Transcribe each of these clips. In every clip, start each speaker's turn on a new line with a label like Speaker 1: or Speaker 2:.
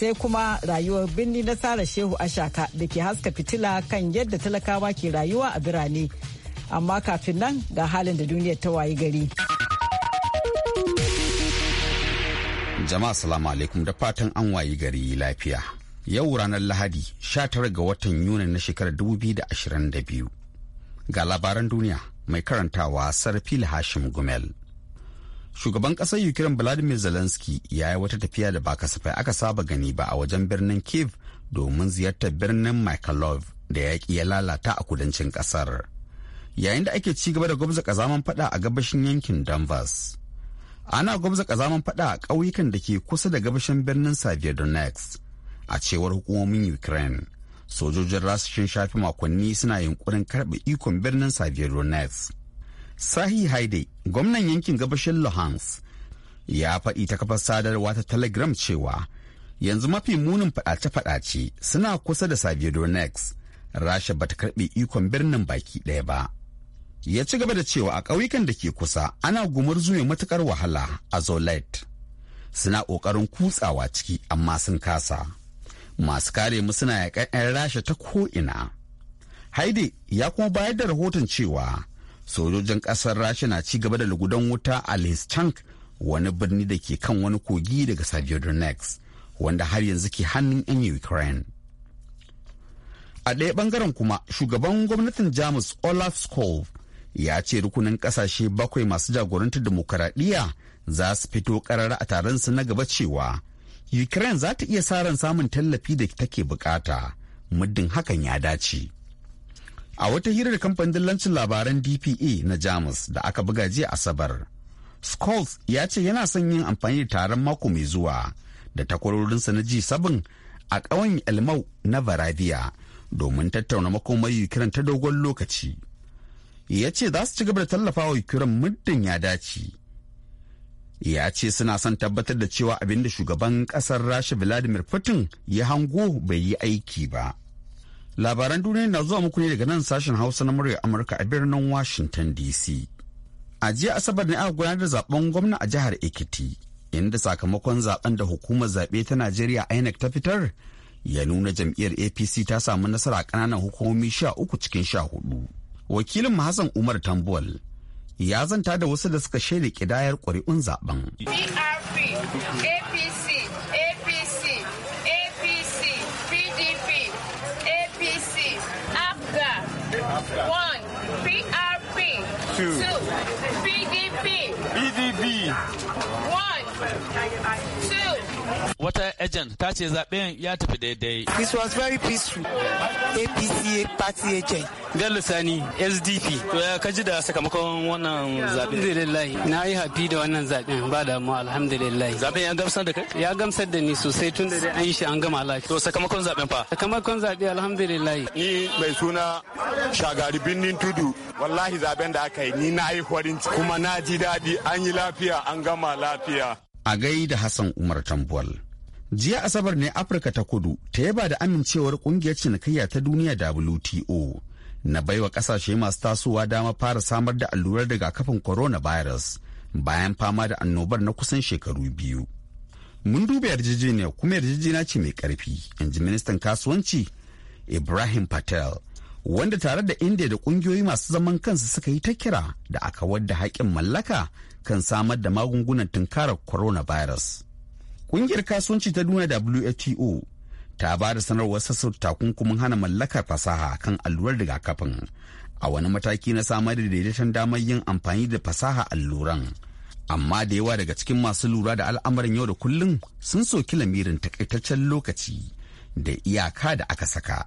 Speaker 1: sai kuma rayuwar birni na Sara Shehu Ashaka da ke haska fitila kan yadda talakawa ke rayuwa a birane. Amma kafin nan ga halin da duniyar ta wayi gari.
Speaker 2: Jama'a salamu alaikum da fatan an wayi gari lafiya. Yau ranar Lahadi 19 ga watan Yuni na shekarar 2022. Ga labaran duniya mai karantawa Sarfil Hashim Gumel. shugaban ƙasar ukraine vladimir zelensky ya yi wata tafiya da ba kasafai aka saba gani ba a wajen birnin kiev domin ziyartar birnin mykolav da yaƙi ya lalata a kudancin ƙasar yayin da ake cigaba da gwamza kazaman fada a gabashin yankin danvers ana gwamza kazaman fada a ƙauyukan da ke kusa da gabashin birnin saviodonex a cewar hukumomin ukraine sojojin rasashin shafi makonni suna yunkurin karɓe ikon birnin saviodonex Sahi Haide, gwamnan yankin gabashin Luhansk, ya faɗi ta kafar sadarwa ta Telegram cewa yanzu mafi munin faɗace-faɗace suna kusa da Saviodonex, Rasha bata karɓe ikon birnin baki ɗaya ba. Ya ci gaba da cewa a ƙauyukan da ke kusa ana gumar zuwa matuƙar wahala a Zolet. Suna ƙoƙarin kutsawa ciki amma sun kasa. Masu kare mu suna yaƙan 'yan Rasha ta ko'ina. Haide ya kuma bayar da rahoton cewa sojojin kasar rasha na ci gaba da lugudan wuta a lischank wani birni da ke kan wani kogi daga saviodonex wanda har yanzu ke hannun 'yan ukraine a ɗaya ɓangaren kuma shugaban gwamnatin jamus olaf scholz ya ce rukunin ƙasashe bakwai masu jagorantar demokaradiyya za su fito ƙarara a taron su na gaba cewa ukraine za ta iya saran samun tallafi da take bukata muddin hakan ya dace a wata hirar kamfanin dillancin labaran dpa na jamus da aka buga jiya asabar scholz ya ce yana son yin amfani da taron mako mai zuwa da takwarorinsa na ji sabin a ƙawon elmau na varavia domin tattauna makomar ukraine ta dogon lokaci ya ce za su ci gaba da tallafa wa ukraine muddin ya dace ya ce suna son tabbatar da cewa abin da shugaban ƙasar rasha vladimir putin ya hango bai yi aiki ba Labaran duniya na zuwa muku ne daga nan sashen Hausa na murya Amurka a birnin Washington DC. A jiya Asabar ne aka gudanar da zaben gwamna a jihar Ekiti, inda sakamakon zaben da hukumar zaɓe ta Najeriya INEC ta fitar ya nuna jam'iyyar APC ta samu nasara a ƙananan hukumomi sha uku cikin sha hudu. Wakilin mu Hassan Umar Tambuwal ya zanta da wasu da suka shaida kidayar ƙuri'un zaben.
Speaker 3: Why? wata agent ta ce zaben
Speaker 4: ya tafi daidai.
Speaker 5: This was very peaceful. APC party agent.
Speaker 4: Gallo Sani SDP to ya kaji da sakamakon wannan zaɓe. Alhamdulillah na yi hafi da wannan zaben ba da mu alhamdulillah. Zaben ya gamsar da kai? Ya gamsar da ni sosai tun da dai an yi shi an gama lafiya. To sakamakon zaben fa?
Speaker 2: Sakamakon zaɓe alhamdulillah. Ni mai suna Shagari Binnin Tudu wallahi zaɓen da aka yi ni na yi farin kuma na ji daɗi an yi lafiya an gama lafiya. A gaida da Hassan Umar Tambuwal. jiya asabar ne afirka ta kudu ta yaba da amincewar kungiyar cinikayya ta duniya wto na baiwa kasashe masu tasowa dama fara samar da allurar rigakafin coronavirus bayan fama da annobar na kusan shekaru biyu mun duba yarjejeniya kuma yarjejeniya ce mai karfi in ji ministan kasuwanci ibrahim patel wanda tare da inda da kungiyoyi masu zaman kansu suka yi ta kira da aka wadda haƙƙin mallaka kan samar da magungunan tunkarar coronavirus. Ƙungiyar kasuwanci ta duniya WTO ta ba da sanarwar sassauta takunkumin hana mallakar fasaha kan allurar rigakafin a wani mataki na samar da daidaiton damar yin amfani da fasaha alluran. Amma da yawa daga cikin masu lura da al'amarin yau da kullum sun soki lamirin takaitaccen lokaci da iyaka da aka saka.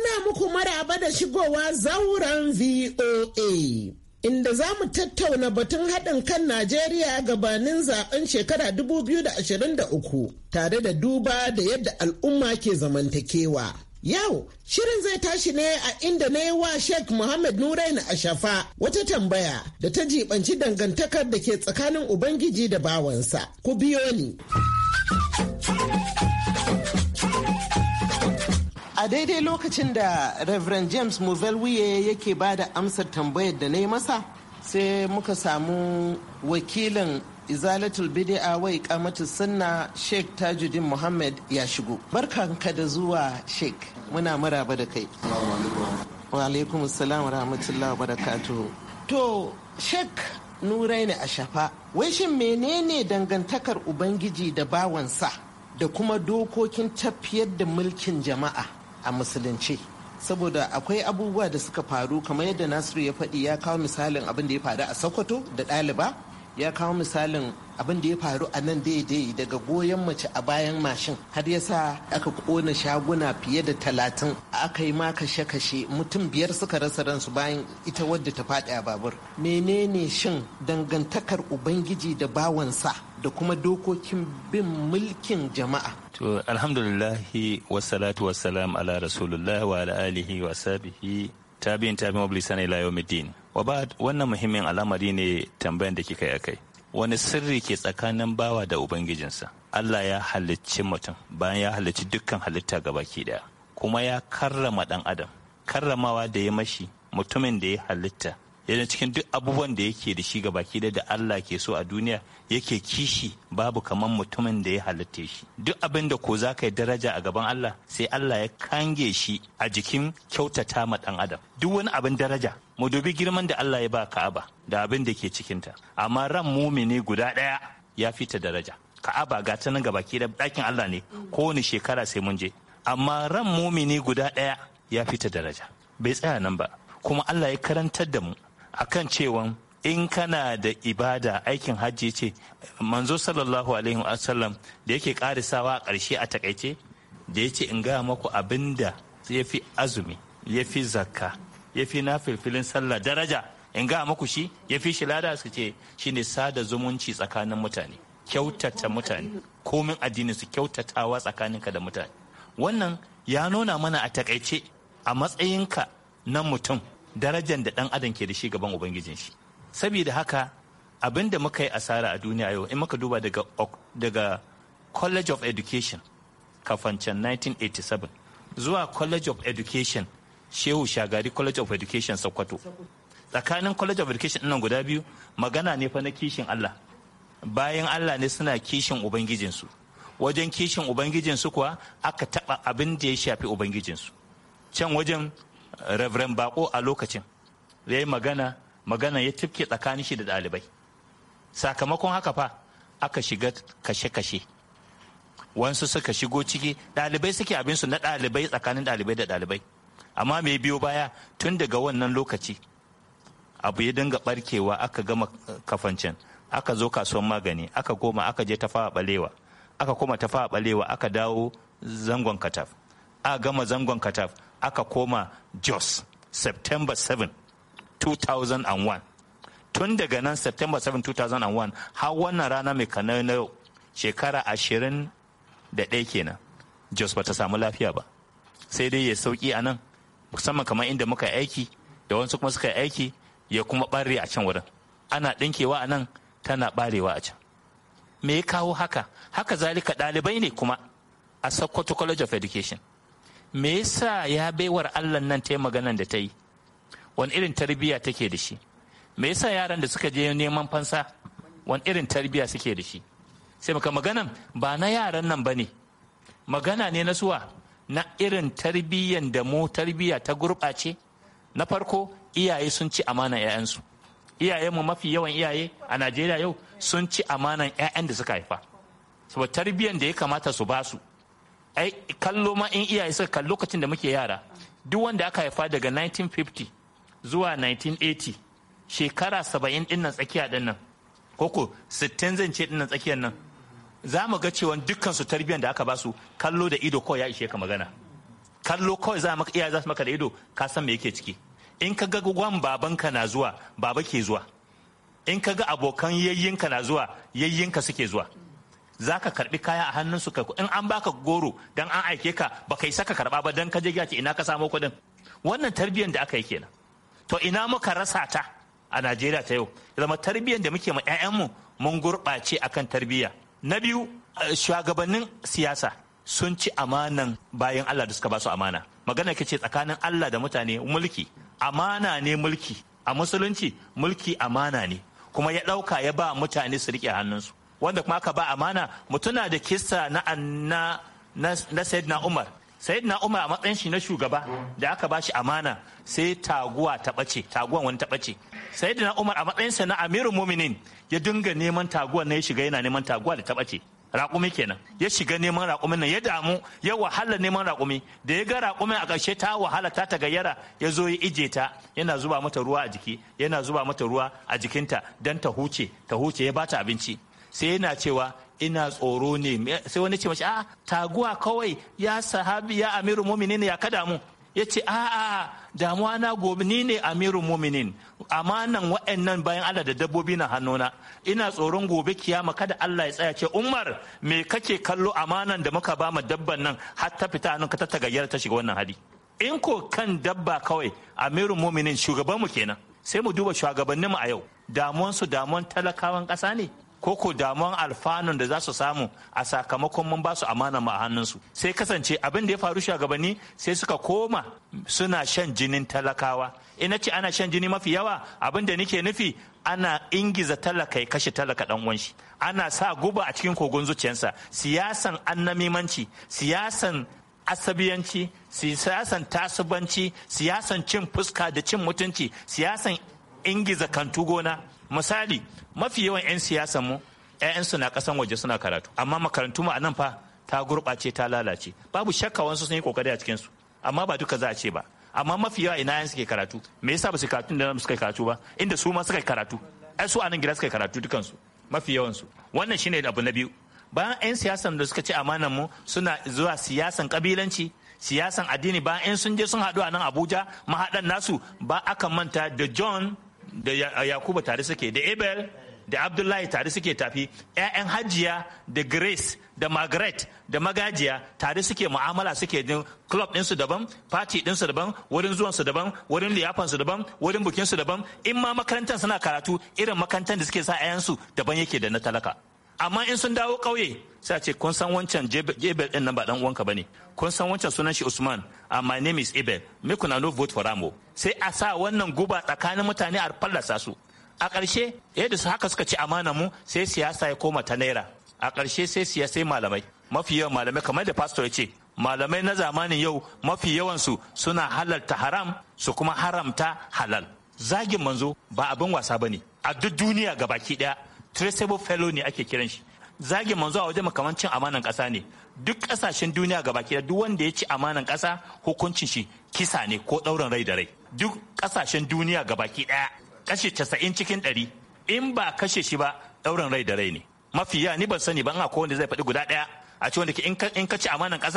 Speaker 3: muku maraba da shigowa zauren VOA. Inda za mu tattauna batun haɗin kan Najeriya gabanin zaɓen shekara 2023 tare da duba da yadda al'umma ke zamantakewa. Yau, shirin zai tashi ne a inda na yi wa Sheikh Muhammad Nurain Ashafa wata tambaya da ta jibanci dangantakar da ke tsakanin Ubangiji da bawansa. Ku biyo ni. a daidai lokacin da reverend james muvelwiye yake ba da amsar tambayar da na yi masa sai muka samu wakilin izalatul bid'a wai kamatu sunna sheikh tajuddin muhammad ya shigo barkanka da zuwa sheikh muna maraba da kai wa alaikum assalam rahmatullahi barakatuhu to sheikh nurai ne wai shin menene dangantakar ubangiji da bawansa da kuma dokokin tafiyar da mulkin jama'a a musulunci saboda akwai abubuwa da suka faru kamar yadda nasiru ya faɗi ya kawo misalin abin da ya faru a sokoto da ɗaliba ya kawo misalin abin da ya faru a nan daidai daga goyon mace a bayan mashin har ya sa aka kona shaguna fiye da talatin aka yi ma kashe mutum biyar suka rasa ransu bayan ita wadda ta faɗi a babur menene shin dangantakar ubangiji da bawansa da kuma dokokin bin mulkin
Speaker 4: jama'a to alhamdulillahi wassalatu wassalam ala rasulullah wa ala alihi wa sahbihi tabi'in tabi'in wa bilisani ila yawmiddin wa wannan muhimmin al'amari ne tambayan da kika yi akai wani sirri ke tsakanin bawa da ubangijinsa Allah ya halicci mutum bayan ya halicci dukkan halitta gabaki daya kuma ya karrama dan adam karramawa da ya mashi mutumin da ya halitta yana cikin duk abubuwan da yake da shi ga baki da da Allah ke so a duniya yake kishi babu kaman mutumin da ya halitta shi duk abin da ko zaka yi daraja a gaban Allah sai Allah ya kange shi a jikin kyautata ma dan adam duk wani abin daraja mu dubi girman da Allah ya ba Ka'aba da abin da ke cikinta amma ran mumini guda ɗaya ya fita daraja Ka'aba ga ta nan baki da ɗakin Allah ne kowane shekara sai mun je amma ran mumini guda daya ya fita daraja bai tsaya nan ba kuma Allah ya karantar da mu akan cewa in kana da ibada aikin hajji ce manzo sallallahu alaihi wasallam da yake karisawa a karshe a takaice da yace in gaya maku abin da ya fi azumi ya fi zakka ya fi na filfilin sallah daraja in gaya maku shi ya fi shi lada su ce shine sada zumunci tsakanin mutane kyautata mutane komin addini su kyautatawa tsakaninka da mutane wannan ya nuna mana a takaice a matsayinka na mutum darajar da ɗan adam ke da shi gaban ubangijin shi saboda haka abin da muka yi asara a duniya yau in muka duba daga daga college of education can 1987 zuwa college of education shehu shagari college of education sokoto tsakanin college of education nan guda biyu magana ne fa na kishin allah bayan allah ne suna kishin ubangijinsu wajen kishin ubangijinsu kuwa aka taba abin da ya shafi ubangijinsu can wajen Reverend Bako a lokacin ya yi magana magana ya tifke tsakanin shi da ɗalibai sakamakon haka fa aka shiga kashe-kashe wansu suka shigo ciki ɗalibai suke abinsu na ɗalibai tsakanin ɗalibai da ɗalibai amma mai biyo baya tun daga wannan lokaci abu ya dinga barkewa aka gama kafancin aka zo kasuwan magani aka goma aka je tafawa balewa aka koma tafawa balewa aka dawo zangon kataf a gama zangon kataf aka koma jos september 7 2001 tun daga nan september 7 2001 har wannan rana mai kanai na yau shekara ashirin da ɗaya kenan jos ba ta samu lafiya ba sai dai ya sauki a nan musamman kamar inda muka aiki da wasu kuma suka aiki ya kuma ɓare a can wurin ana ɗinkewa a nan tana ɓarewa a can me ya kawo haka haka zalika ɗalibai ne kuma a sokoto college of education me yasa ya baiwar allah nan ta yi maganan da ta yi wani irin tarbiyya take da shi me yasa yaran da suka je neman fansa wani irin tarbiyya suke da shi sai maka maganan ba na yaran nan ba ne magana ne na suwa na irin tarbiyyan da mu tarbiyya ta gurɓace na farko iyaye sun ci amana 'ya'yansu iyayenmu mafi yawan iyaye a najeriya yau sun ci amanan 'ya'yan da suka haifa saboda tarbiyyan da ya kamata su basu ai kallo ma in iyaye suka kalli lokacin da muke yara duk wanda aka haifa daga 1950 zuwa 1980 shekara 70 din nan tsakiya din nan koko 60 zan ce din tsakiyar nan za mu ga cewa dukkan su tarbiyyar da aka basu kallo da ido kawai ya ishe ka magana kallo kawai za maka iyaye za su maka da ido ka san me yake ciki in ka ga gwan babanka na zuwa baba ke zuwa in ka ga abokan yayyinka na zuwa yayyinka suke zuwa za ka karbi kaya a hannunsu ka in an baka goro dan an aike ka ba kai saka karba ba dan ka je ce ina ka samo kuɗin wannan tarbiyyar da aka yi kenan to ina muka rasa ta a Najeriya ta yau zama tarbiyyar da muke ma 'ya'yanmu mun gurɓace akan tarbiyya na biyu eh, shugabannin siyasa sun ci amanan bayan Allah da suka ba su amana magana ke ce tsakanin Allah da mutane mulki amana ne mulki a musulunci mulki amana ne kuma ya ɗauka ya ba mutane su riƙe hannunsu wanda kuma aka ba amana mutuna da kisa na anna na sayyidina umar sayyidina umar a matsayin shi na shugaba da aka ba shi amana sai taguwa ta bace taguwan wani ta bace sayyidina umar a matsayin sa na amirul mu'minin ya dinga neman taguwan na ya shiga yana neman taguwa da ta bace raƙumi kenan ya shiga neman raƙumin nan ya damu ya wahala neman raƙumi da ya ga raƙumin a ƙarshe ta wahala ta ta gayyara ya zo ya ije ta yana zuba mata ruwa a jiki yana zuba mata ruwa a jikinta don ta huce ta huce ya bata abinci sai yana cewa ina tsoro ne sai wani ce mace a ah, taguwa kawai ya sahabi ya amiru muminin ya kada mu ya ce a'a damuwa na gobe ni ne amirul muminin amanan wa'annan bayan Allah da dabbobi na hannuna ina tsoron gobe kiyama kada Allah ya tsaya ce Umar me kake kallo amanan da muka ba mu dabban nan har ta fita hannunka ta tagayyar ta shiga wannan hali in ko kan dabba kawai amirul muminin shugaban mu kenan sai mu duba shugabanninmu a yau damuwansu damuwan talakawan ƙasa ne ko ko damuwan alfanun da za su samu a sakamakon mun ba su amana ma hannunsu sai kasance abin da ya faru shugabanni sai suka koma suna shan jinin talakawa ina ce ana shan jini mafi yawa abin da nike nufi ana ingiza talaka kashe talaka dan uwan ana sa guba a cikin kogon zuciyarsa siyasan annamimanci siyasan asabiyanci siyasan tasubanci siyasan cin fuska da cin mutunci siyasan ingiza kantu gona misali mafi yawan 'yan siyasan mu 'ya'yansu na kasan waje suna karatu amma makarantu mu a nan fa ta gurɓace ta lalace babu shakka wasu sun yi kokari a cikinsu amma ba duka za a ce ba amma mafi yawa ina yan suke karatu me yasa ba su karatu da suka karatu ba inda su ma suka karatu ai su a nan gida suka karatu dukansu mafi yawansu wannan shine abu na biyu bayan 'yan siyasan da suka ce amanan mu suna zuwa siyasan kabilanci siyasan addini bayan 'yan sun je sun haɗu a nan abuja mahaɗan nasu ba aka manta da john da yakubu tare suke da abel da abdullahi tare suke tafi 'ya'yan hajiya da grace da margaret da magajiya tare suke mu'amala suke din club ɗinsu daban party ɗinsu daban wurin zuwansu daban wurin liyafansu daban wurin bukinsu daban in ma makarantar suna karatu irin makarantar da suke sa 'ya'yansu daban yake da na talaka amma in sun dawo ƙauye sai a ce kun san wancan jebel din nan ba dan uwanka bane kun san wancan sunan shi usman uh, my name is ebel me kuna no vote for ramo sai a sa wannan guba tsakanin mutane a fallasa su a ƙarshe yadda su haka suka ci amana mu sai siyasa ya koma ta naira a ƙarshe sai siyasa malamai mafi yawan malamai kamar da pastor ya ce malamai na zamanin yau mafi yawansu suna halarta haram su kuma haramta halal zagin manzo ba abin wasa bane a duk duniya gabaki daya traceable fellow ne ake kiran shi zagin manzo a wajen makamancin amanan kasa ne duk kasashen duniya gabaki da duk wanda ya ci amanan kasa hukuncin shi kisa ne ko ɗaurin rai da rai duk kasashen duniya gabaki baki ɗaya kashe casa'in cikin ɗari in ba kashe shi ba ɗaurin rai da rai ne mafi ya ni ban sani ban akwai wanda zai faɗi guda ɗaya a ce wanda in ka ci amanan ka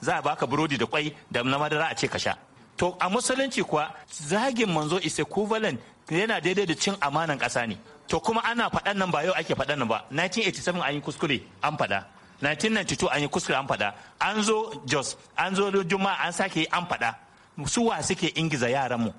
Speaker 4: za a baka burodi da kwai da na madara a ce ka sha to a musulunci kuwa zagin manzo is equivalent yana daidai da cin amanan kasa ne to kuma ana faɗan nan ba yau ake faɗan nan ba 1987 an yi kuskure an faɗa 1992 an yi kuskure an faɗa an zo jos an zo juma'a an sake an faɗa su wa suke ingiza yaran mu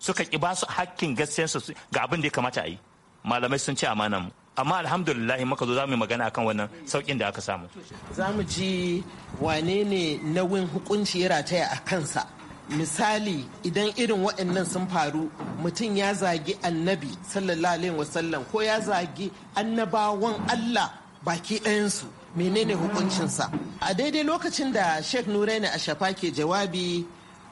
Speaker 4: suka ki ba su hakkin gaskiyarsu ga abin da ya kamata a yi malamai sun ce amanan mu amma alhamdulillah maka zo zamu mu yi magana akan wannan saukin da aka samu
Speaker 3: za mu ji wane ne nauyin hukunci ya rataya a kansa misali idan irin waɗannan sun faru mutum ya zagi annabi sallallahu alaihi wasallam ko ya zagi annabawan allah baki ɗayansu menene hukuncinsa a daidai lokacin da sheikh nuraini ashafa ke jawabi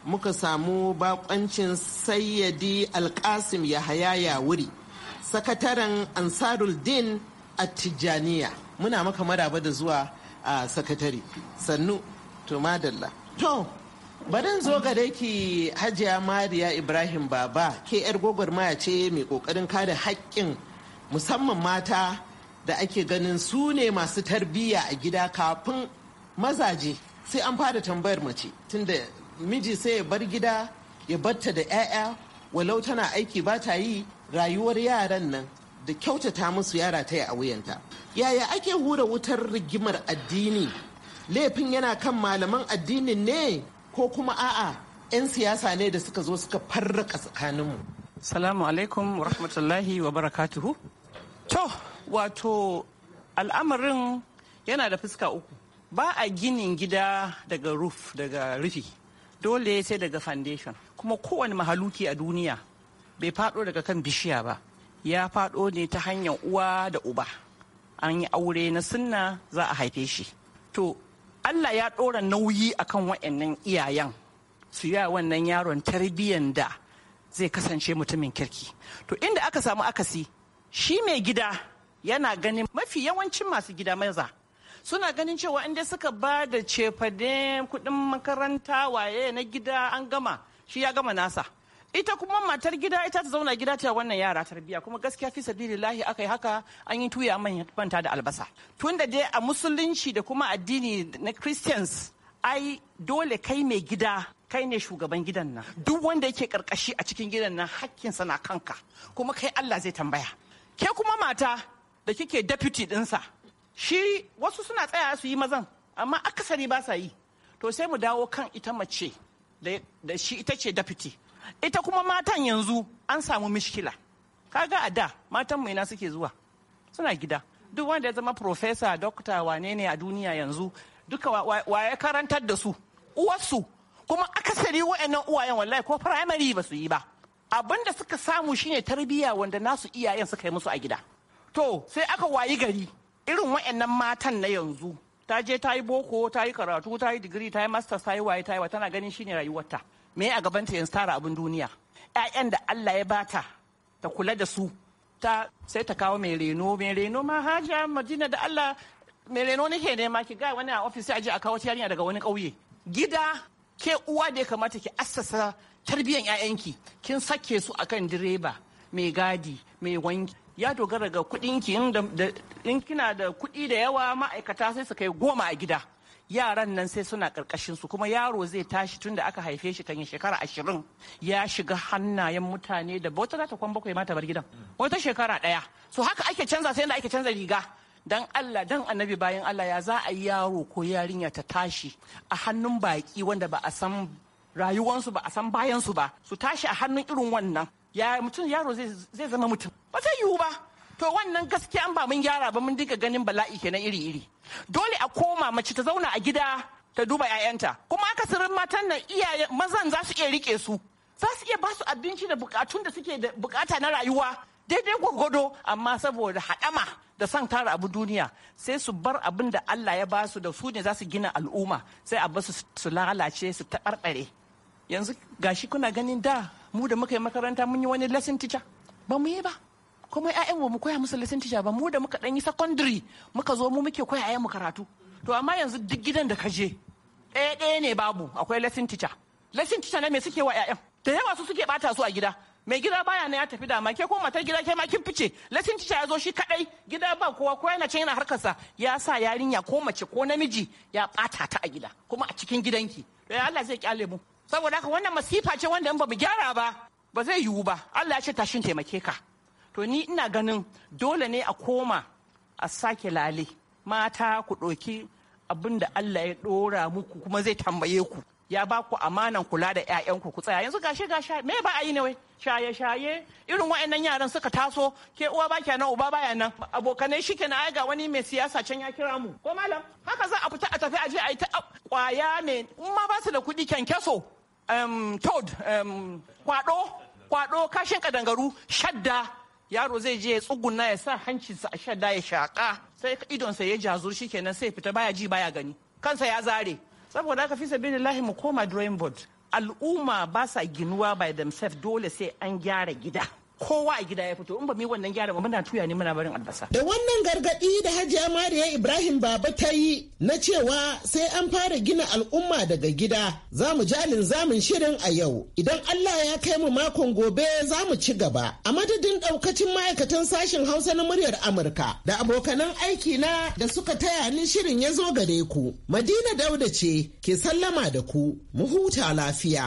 Speaker 3: muka samu bakoncin sayyadi alkasim yahaya ya wuri sakataren ansarul din a tijjaniya muna maka maraba da zuwa a ah, sakatare sannu to madalla to Barin zo ga ki Hajiya Mariya Ibrahim Baba ke 'yar gwagwarmaya ce mai kokarin kare haƙƙin musamman mata da ake ganin su ne masu tarbiyya a gida kafin mazaje sai an fara tambayar mace tunda miji sai ya bar gida ya batta da 'ya'ya walau tana aiki ba ta yi rayuwar yaran nan da kyautata musu yara ta yi a wuyanta yaya ake hura wutar rigimar addini laifin yana kan malaman addinin ne ko kuma a'a 'yan siyasa ne da suka zo suka farraka tsakaninmu.
Speaker 6: Salamu alaikum wa rahmatullahi wa barakatuhu. To, wato al'amarin yana da fuska uku. Ba a ginin gida daga roof daga rufi, dole sai daga foundation. Kuma kowane mahaluki a duniya bai faɗo daga kan bishiya ba, ya faɗo ne ta hanyar uwa da uba. An yi aure na sunna za a haife shi. To, Allah ya ɗora nauyi akan wa'annan iyayen su yi wannan yaron tarbiyyan da zai kasance mutumin kirki to inda aka samu akasi shi mai gida yana ganin mafi yawancin masu gida maza suna ganin cewa inda suka ba da cefane kuɗin makaranta waye na gida an gama shi ya gama nasa ita kuma matar gida ita ta zauna gida ta wannan yara tarbiya kuma gaskiya fi lahi aka yi haka an yi tuya manta da albasa tunda dai a musulunci da kuma addini na christians ai dole kai mai gida kai ne shugaban gidan nan duk wanda yake karkashi a cikin gidan nan hakkin na kanka kuma kai Allah zai tambaya ke kuma mata da kike deputy dinsa shi wasu suna tsaya su yi mazan amma akasari ba sa yi to sai mu dawo kan ita mace da shi ita ce deputy ita kuma matan yanzu an samu mishkila kaga a da matan mai na suke zuwa suna gida duk wanda ya zama profesa dokta wane ne a duniya yanzu duka wa karantar da su uwarsu kuma akasari wa'annan uwayen wallahi ko firamare ba su yi ba abin da suka samu shine tarbiyya wanda nasu iyayen suka yi musu a gida to sai aka wayi gari irin wa'annan matan na yanzu ta je ta yi boko ta yi karatu ta yi digiri ta yi masters ta yi waye ta yi wa tana ganin shine rayuwarta me a gabanta yanzu tara abin duniya ƴaƴan da Allah ya bata ta kula da su ta sai ta kawo mai reno mai reno ma haja madina da Allah mai reno nake nema ki ga wani a ofis aje a kawo yarinya daga wani ƙauye gida ke uwa da ya kamata ki assasa tarbiyyan ƴaƴanki kin sake su akan direba mai gadi mai wanki ya dogara ga kuɗinki in kina da kuɗi da yawa ma'aikata sai su kai goma a gida yaran nan sai suna karkashin su kuma yaro zai tashi tun da aka haife shi kan shekara ashirin ya shiga hannayen mutane da wata za ta kwan bakwai mata bar gidan wata shekara daya so haka ake canza sai da ake canza riga dan Allah dan annabi bayan Allah ya za a yi yaro ko yarinya ta tashi a hannun baki wanda ba a san rayuwansu ba a san bayansu ba su tashi a hannun irin wannan ya mutum yaro zai zama mutum ba zai yiwu ba to wannan gaskiya an ba mun gyara ba mun dinga ganin bala'i na iri-iri dole a koma mace ta zauna a gida ta duba 'ya'yanta kuma aka akasarin matan nan iyaye mazan za su iya rike su za su iya ba su abinci da bukatun da suke da bukata na rayuwa daidai gwagwado amma saboda haɗama da san tara abu duniya sai su bar abin da Allah ya ba su da su ne za su gina al'umma sai a su su lalace su taɓarɓare yanzu gashi kuna ganin da mu da muka yi makaranta mun yi wani lesson teacher ba mu yi ba kuma ƴaƴan mu koya musu lesson teacher ba mu da muka dan yi secondary muka zo mu muke koya ƴaƴan mu karatu to amma yanzu duk gidan da ka je ɗaya ɗaya ne babu akwai lesson teacher lesson teacher ne me suke wa ƴaƴan da yawa su suke bata su a gida mai gida baya ne ya tafi da ma ke ko matar gida ke ma kin fice lesson teacher ya zo shi kadai gida ba kowa kowa yana can yana harkarsa ya sa yarinya ko mace ko namiji ya bata ta a gida kuma a cikin gidanki to ya Allah zai kyale mu saboda haka wannan masifa ce wanda in ba mu gyara ba ba zai yiwu ba Allah ya ce tashin taimake ka to ni ina ganin dole ne a koma a sake lale mata ku ɗoki abin da Allah ya ɗora muku kuma zai tambaye ku ya ba ku amanan kula da 'ya'yanku ku tsaya yanzu gashi gashi me ba a yi ne wai shaye shaye irin wa'annan yaran suka taso ke uwa ba nan uba baya nan abokanai shi kenan ai ga wani mai siyasa can ya kira mu ko malam haka za a fita a tafi a je a yi ta kwaya ne in ma ba su da kuɗi kyankyaso um, toad Kwaɗo, kwado kashin kadangaru shadda yaro zai je ya tsuguna ya sa hancinsa a shadda ya shaƙa sai idonsa ya jazur kenan sai fita baya ji baya gani kansa ya zare saboda haka fi lahi mu koma drawing board al'umma ba sa ginuwa by themselves dole sai an gyara gida kowa a gida ya fito in ba mu yi wannan gyara ba muna tuya ne muna barin
Speaker 3: albasa. Da wannan gargaɗi da Hajiya Mariya Ibrahim Baba ta yi na cewa sai an fara gina al'umma daga gida za mu jalin zamin shirin a yau. Idan Allah ya kai mu makon gobe za mu ci gaba. A madadin ɗaukacin ma'aikatan sashen Hausa na muryar Amurka da abokanan aiki na da suka taya ni shirin ya zo gare ku. Madina Dauda ce ke sallama da ku. Mu huta lafiya.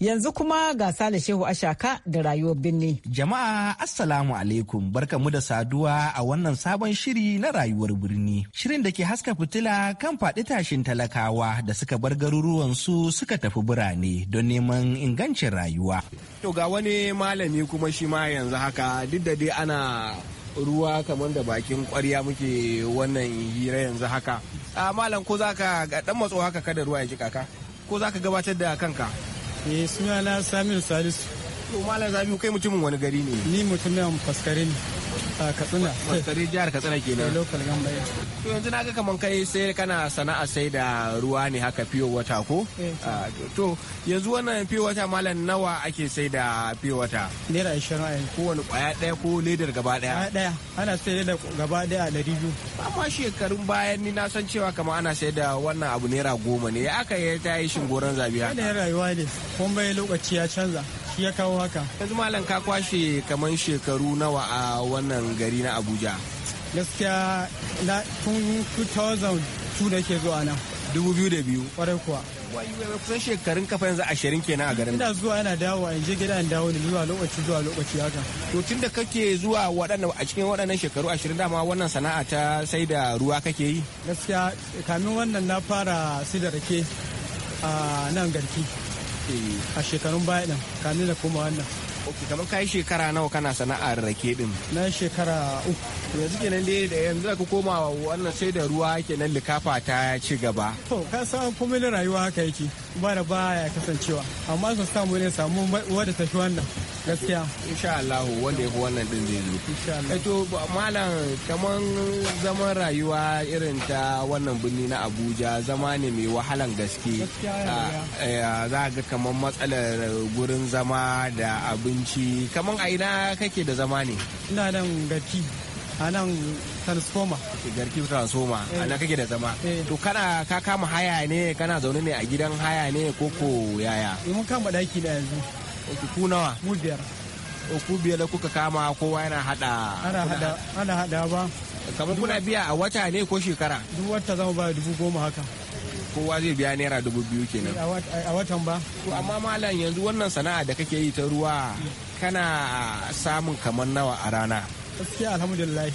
Speaker 1: Yanzu kuma ga Sale Shehu Ashaka da rayuwar birni. Jama'a Assalamu alaikum barka mu da
Speaker 7: saduwa a wannan sabon shiri na rayuwar birni. Shirin da ke haska fitila kan faɗi tashin talakawa da suka bar garuruwan su suka tafi birane don neman ingancin rayuwa. To ga wani malami kuma shi ma yanzu haka duk da dai ana ruwa kamar da bakin kwarya muke wannan hira yanzu haka. Ah, malam ko za ka ga dan matso haka kada ruwa ya ji kaka. Ko za ka gabatar da kanka? Eh suna na Saminu Salisu. Malam Zabiu kai mutumin wani gari ne? Ni mutumin Faskare ne. a katsina tsari jihar katsina nan eh, local gamba to yanzu naga kaman kai sai kana sana'a sai da ruwa ne haka fiyo wata ko eh. ah, to yanzu wannan fiyo wata malam nawa ake sai da fiyo wata naira 20 a yanzu wani kwaya daya ko ledar gaba daya daya ana sai da gaba daya a 200 amma shekarun bayan ni na san cewa kamar ana sai da wannan abu naira goma ne ya aka yi ta yi shingoran zabiya ne rayuwa ne kuma bai lokaci ya
Speaker 5: canza shi ya kawo haka
Speaker 7: yanzu malam ka kwashe kamar shekaru nawa a wannan gari na abuja
Speaker 5: gaskiya na tun 2002 da ke zuwa nan
Speaker 7: 2002 kwarai kuwa kusan shekarun kafa yanzu ashirin kenan a garin ina zuwa yana dawo a yanzu gida yana dawo ne zuwa lokaci zuwa lokaci haka to tun da kake zuwa a cikin waɗannan shekaru ashirin dama wannan sana'a ta sai da ruwa kake yi gaskiya kamin wannan na
Speaker 5: fara sai da rake a nan garki Eh, a shekarun baya din
Speaker 7: kani da kuma wannan ok kamar kai shekara nawa kana sana'ar rake din na shekara uku yanzu kenan dai da yanzu ka koma wannan sai da ruwa kenan likafa ta ci gaba
Speaker 5: to ka san komai na rayuwa haka yake bara baya kasancewa amma su samu ne samu
Speaker 7: wadda ta wannan gaskiya insha Allah wanda ya fi wannan din zai zo insha Allah eh, to malam kaman zaman rayuwa irin ta wannan birni na Abuja zama ne mai wahalan gaske ah, eh, za ga kaman matsalar gurin zama da abinci kaman a ina kake da zama ne ina nan gaki a nan transformer garki transformer a nan eh. kake da zama eh. to kana ka kama haya ne kana zaune ne a gidan haya ne ko ko yaya eh, mun kama daki da yanzu ku nawa mu biyar ku biyar da kuka kama kowa yana hada ana hada ba kamar kuna biya a wata ne ko shekara duk wata zama ba dubu goma haka kowa zai biya naira dubu biyu kenan a watan ba amma malam yanzu wannan sana'a da kake yi ta ruwa mm. kana samun kamar nawa a rana gaskiya
Speaker 5: alhamdulillah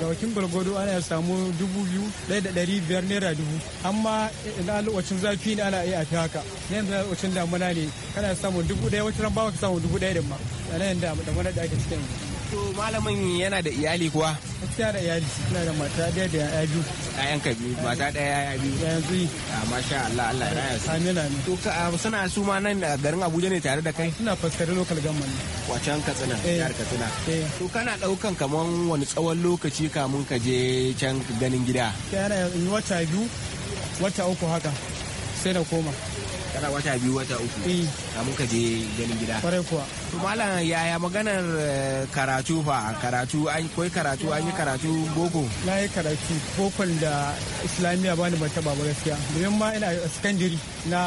Speaker 5: da wakin gwargwado ana samu dubu biyu ɗaya da ɗari biyar naira dubu amma ina lokacin zafi ne ana iya fi haka yanzu lokacin damuna ne kana samun dubu ɗaya wata ran ba ka samun dubu ɗaya da ma a nan da damuna da ake cikin yanzu
Speaker 7: To malamin yana da iyali kuwa? Gaskiya da iyali, suna da mata ɗaya da yaya biyu. ayan ka biyu, mata ɗaya ya biyu. Ya yi. A masha Allah Allah ya raya amina Amin To ka ah, suna su ma nan a ah, garin Abuja ne tare da kai? Suna faskari local government. Wacan Katsina, eh. jihar Katsina. Eh. To kana ɗaukan kaman wani tsawon lokaci kamun ka je can ganin gida?
Speaker 5: Yana wata biyu, wata
Speaker 7: uku haka. Sai na koma. kana wata biyu wata uku eh. kamun muka je ganin gida kwarai kuwa to malam yaya maganar eh, karatu fa karatu an koi karatu an yi karatu boko na yi karatu bokon da islamiyya ba ni ban taba ba gaskiya
Speaker 5: domin ma ina a sakandiri na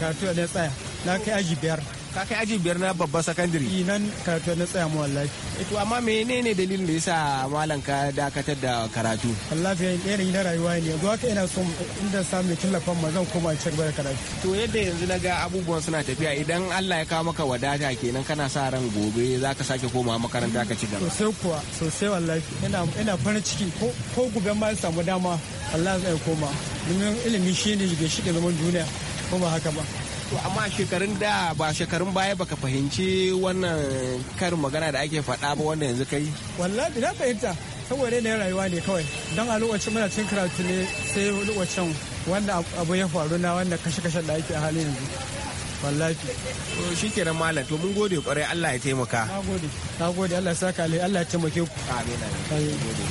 Speaker 5: karatu da tsaya na kai aji biyar
Speaker 7: ka kai aji biyar na babban sakandare eh, nan karatu na tsaya mu wallahi eh, to amma menene dalilin da yasa malam ka dakatar da karatu wallahi eh, yanayi na rayuwa ne yanzu haka ina son
Speaker 5: inda samu tallafin ma zan koma cikin bar karatu
Speaker 7: to yadda yanzu na ga abubuwan suna tafiya idan Allah ya kawo maka wadata kenan kana sa ran gobe zaka sake koma makaranta ka ci gaba
Speaker 5: sosai kuwa sosai wallahi ina ina farin ciki ko ko gobe ma samu dama Allah zai koma domin ilimi shine shi da zaman duniya kuma haka ba
Speaker 7: to amma shekarun da ba shekarun baya baka fahimci wannan karin magana da ake faɗa ba wanda yanzu kai wallahi
Speaker 5: na fahimta saboda ne rayuwa ne kawai don a lokacin muna cin karatu ne sai lokacin wanda abu ya faru na wanda kashe kashe da ake a halin yanzu wallahi
Speaker 7: to nan malam to mun gode kwarai Allah ya taimaka nagode nagode Allah ya saka alai Allah ya taimake ku amin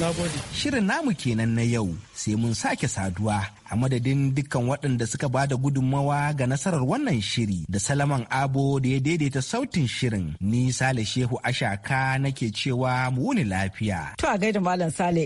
Speaker 7: nagode shirin namu kenan na yau sai mun sake saduwa a madadin dukkan waɗanda suka ba da gudunmawa ga nasarar wannan shiri da salaman abo da ya daidaita sautin shirin ni sale shehu ashaka nake cewa mu wuni lafiya
Speaker 1: to a gaida malam sale